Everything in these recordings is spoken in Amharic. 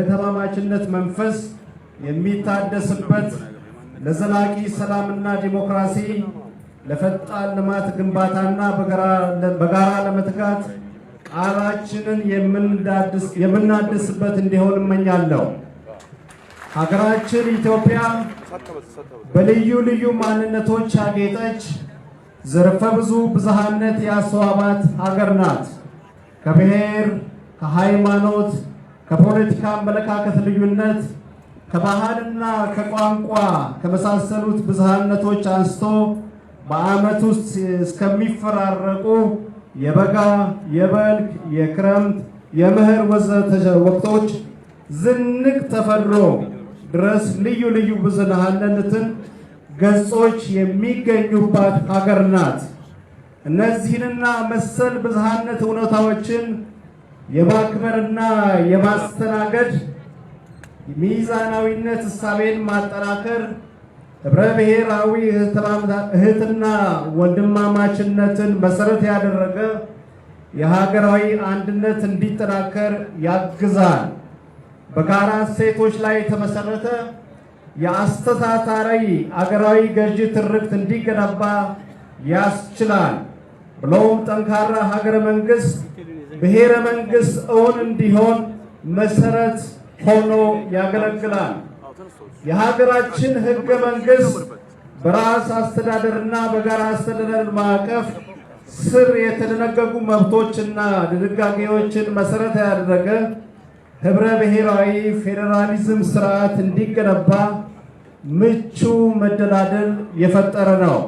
የተማማችነት መንፈስ የሚታደስበት ለዘላቂ ሰላምና ዲሞክራሲ ለፈጣን ልማት ግንባታና በጋራ ለመትጋት ቃላችንን የምናድስበት እንዲሆን እመኛለሁ። ሀገራችን ኢትዮጵያ በልዩ ልዩ ማንነቶች ያጌጠች ዘርፈ ብዙ ብዝሃነት ያስተዋባት ሀገር ናት። ከብሔር፣ ከሃይማኖት ከፖለቲካ አመለካከት ልዩነት ከባህልና ከቋንቋ ከመሳሰሉት ብዝሃነቶች አንስቶ በዓመት ውስጥ እስከሚፈራረቁ የበጋ፣ የበልግ፣ የክረምት፣ የምህር ወዘተ ወቅቶች ዝንቅ ተፈጥሮ ድረስ ልዩ ልዩ ብዝሃነትን ገጾች የሚገኙባት ሀገር ናት። እነዚህንና መሰል ብዝሃነት እውነታዎችን የማክበርና የማስተናገድ ሚዛናዊነት እሳቤን ማጠናከር ህብረ ብሔራዊ እህትና ወንድማማችነትን መሰረት ያደረገ የሀገራዊ አንድነት እንዲጠናከር ያግዛል። በጋራ እሴቶች ላይ የተመሰረተ የአስተሳሳሪ አገራዊ ገዢ ትርክት እንዲገነባ ያስችላል። ብለውም ጠንካራ ሀገረ መንግስት ብሔረ መንግሥት እውን እንዲሆን መሰረት ሆኖ ያገለግላል። የሀገራችን ሕገ መንግሥት በራስ አስተዳደርና በጋራ አስተዳደር ማዕቀፍ ስር የተደነገጉ መብቶችና ድንጋጌዎችን መሰረት ያደረገ ህብረ ብሔራዊ ፌዴራሊዝም ስርዓት እንዲገነባ ምቹ መደላደል የፈጠረ ነው።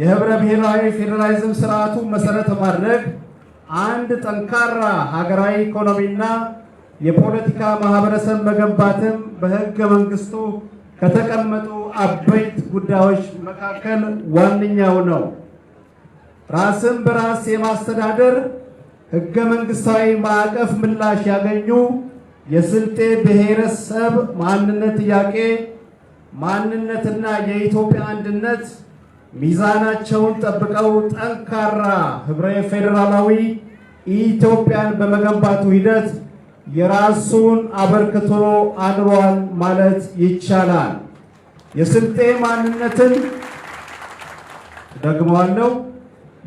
የህብረ ብሔራዊ ፌዴራሊዝም ስርዓቱ መሰረት ማድረግ አንድ ጠንካራ ሀገራዊ ኢኮኖሚና የፖለቲካ ማህበረሰብ መገንባትም በሕገ መንግስቱ ከተቀመጡ አበይት ጉዳዮች መካከል ዋነኛው ነው። ራስን በራስ የማስተዳደር ህገ መንግስታዊ ማዕቀፍ ምላሽ ያገኙ የስልጤ ብሔረሰብ ማንነት ጥያቄ ማንነትና የኢትዮጵያ አንድነት ሚዛናቸውን ጠብቀው ጠንካራ ህብረ ፌዴራላዊ ኢትዮጵያን በመገንባቱ ሂደት የራሱን አበርክቶ አድሯል ማለት ይቻላል። የስልጤ ማንነትን ደግመዋለሁ፣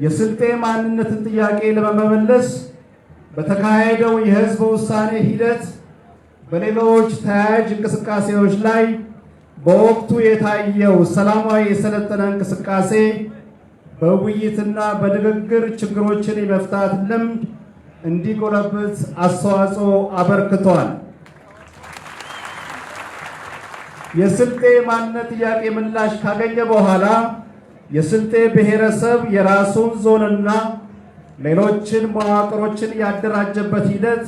የስልጤ ማንነትን ጥያቄ ለመመለስ በተካሄደው የህዝብ ውሳኔ ሂደት በሌሎች ተያያዥ እንቅስቃሴዎች ላይ በወቅቱ የታየው ሰላማዊ የሰለጠነ እንቅስቃሴ በውይይትና በንግግር ችግሮችን የመፍታት ልምድ እንዲጎለብት አስተዋጽኦ አበርክቷል። የስልጤ ማንነት ጥያቄ ምላሽ ካገኘ በኋላ የስልጤ ብሔረሰብ የራሱን ዞንና ሌሎችን መዋቅሮችን ያደራጀበት ሂደት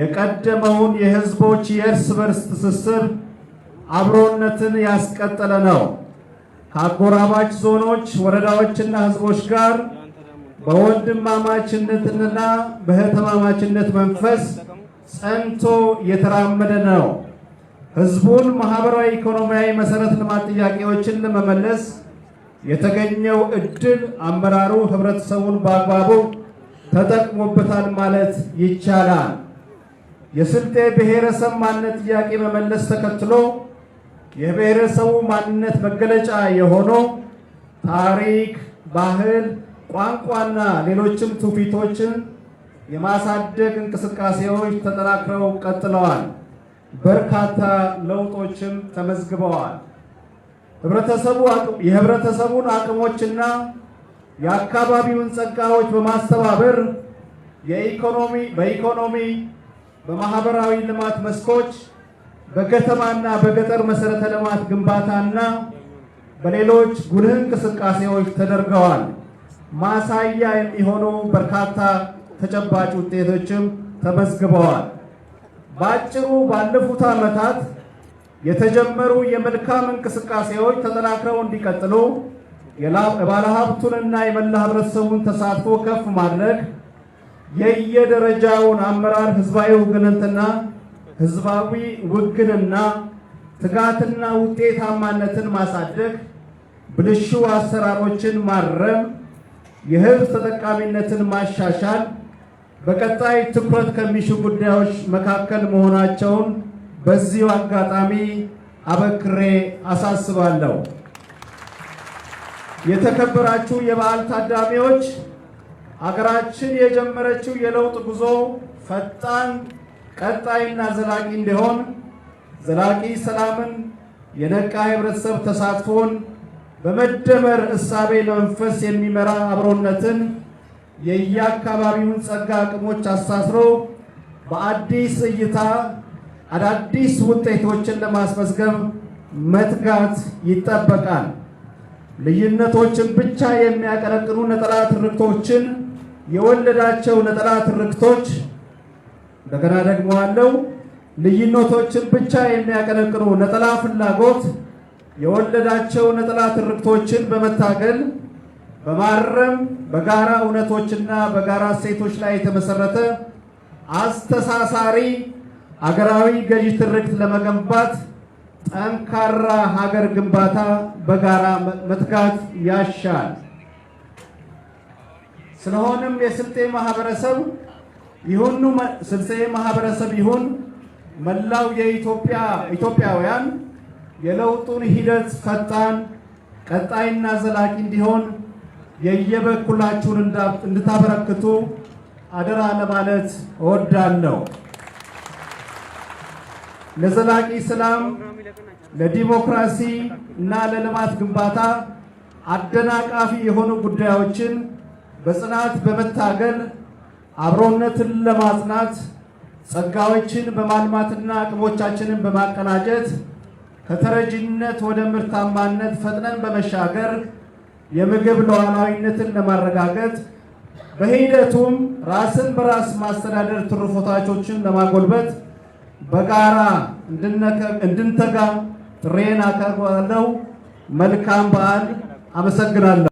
የቀደመውን የሕዝቦች የእርስ በርስ ትስስር አብሮነትን ያስቀጠለ ነው። ከአጎራባች ዞኖች ወረዳዎችና ህዝቦች ጋር በወንድማማችነትና በህተማማችነት መንፈስ ጸንቶ የተራመደ ነው። ህዝቡን ማህበራዊ፣ ኢኮኖሚያዊ መሰረት ልማት ጥያቄዎችን ለመመለስ የተገኘው እድል አመራሩ ህብረተሰቡን በአግባቡ ተጠቅሞበታል ማለት ይቻላል። የስልጤ ብሔረሰብ ማንነት ጥያቄ መመለስ ተከትሎ የብሔረሰቡ ማንነት መገለጫ የሆነው ታሪክ፣ ባህል፣ ቋንቋና ሌሎችም ትውፊቶችን የማሳደግ እንቅስቃሴዎች ተጠናክረው ቀጥለዋል። በርካታ ለውጦችም ተመዝግበዋል። የህብረተሰቡን አቅሞችና የአካባቢውን ጸጋዎች በማስተባበር በኢኮኖሚ በማህበራዊ ልማት መስኮች በከተማና በገጠር መሰረተ ልማት ግንባታና በሌሎች ጉልህ እንቅስቃሴዎች ተደርገዋል። ማሳያ የሚሆኑ በርካታ ተጨባጭ ውጤቶችም ተመዝግበዋል። በአጭሩ ባለፉት ዓመታት የተጀመሩ የመልካም እንቅስቃሴዎች ተጠናክረው እንዲቀጥሉ የባለሀብቱንና የመላ ህብረተሰቡን ተሳትፎ ከፍ ማድረግ የየደረጃውን አመራር ህዝባዊ ውግንንትና ህዝባዊ ውግንና ትጋትና ውጤታማነትን ማሳደግ፣ ብልሹ አሰራሮችን ማረም፣ የህዝብ ተጠቃሚነትን ማሻሻል በቀጣይ ትኩረት ከሚሹ ጉዳዮች መካከል መሆናቸውን በዚሁ አጋጣሚ አበክሬ አሳስባለሁ። የተከበራችሁ የበዓል ታዳሚዎች፣ አገራችን የጀመረችው የለውጥ ጉዞ ፈጣን ቀጣይና ዘላቂ እንዲሆን ዘላቂ ሰላምን፣ የነቃ ህብረተሰብ ተሳትፎን፣ በመደመር እሳቤ ለመንፈስ የሚመራ አብሮነትን፣ የየአካባቢውን ጸጋ አቅሞች አሳስሮ በአዲስ እይታ አዳዲስ ውጤቶችን ለማስመዝገብ መትጋት ይጠበቃል። ልዩነቶችን ብቻ የሚያቀነቅኑ ነጠላ ትርክቶችን የወለዳቸው ነጠላ ትርክቶች እንደገና ደግሞ አለው ልዩነቶችን ብቻ የሚያቀነቅኑ ነጠላ ፍላጎት የወለዳቸው ነጠላ ትርክቶችን በመታገል በማረም በጋራ እውነቶችና በጋራ እሴቶች ላይ የተመሰረተ አስተሳሳሪ አገራዊ ገዢ ትርክት ለመገንባት ጠንካራ ሀገር ግንባታ በጋራ መትጋት ያሻል። ስለሆነም የስልጤ ማህበረሰብ ይሁኑ ስልሴ ማህበረሰብ ይሁን መላው የኢትዮጵያ ኢትዮጵያውያን የለውጡን ሂደት ፈጣን፣ ቀጣይና ዘላቂ እንዲሆን የየበኩላችሁን እንድታበረክቱ አደራ ለማለት እወዳለሁ። ለዘላቂ ሰላም፣ ለዲሞክራሲ እና ለልማት ግንባታ አደናቃፊ የሆኑ ጉዳዮችን በጽናት በመታገል አብሮነትን ለማጽናት ጸጋዎችን በማልማትና አቅሞቻችንን በማቀናጀት ከተረጂነት ወደ ምርታማነት ፈጥነን በመሻገር የምግብ ሉዓላዊነትን ለማረጋገጥ በሂደቱም ራስን በራስ ማስተዳደር ትሩፋቶችን ለማጎልበት በጋራ እንድንተጋ ጥሬን አቀርባለሁ። መልካም በዓል። አመሰግናለሁ።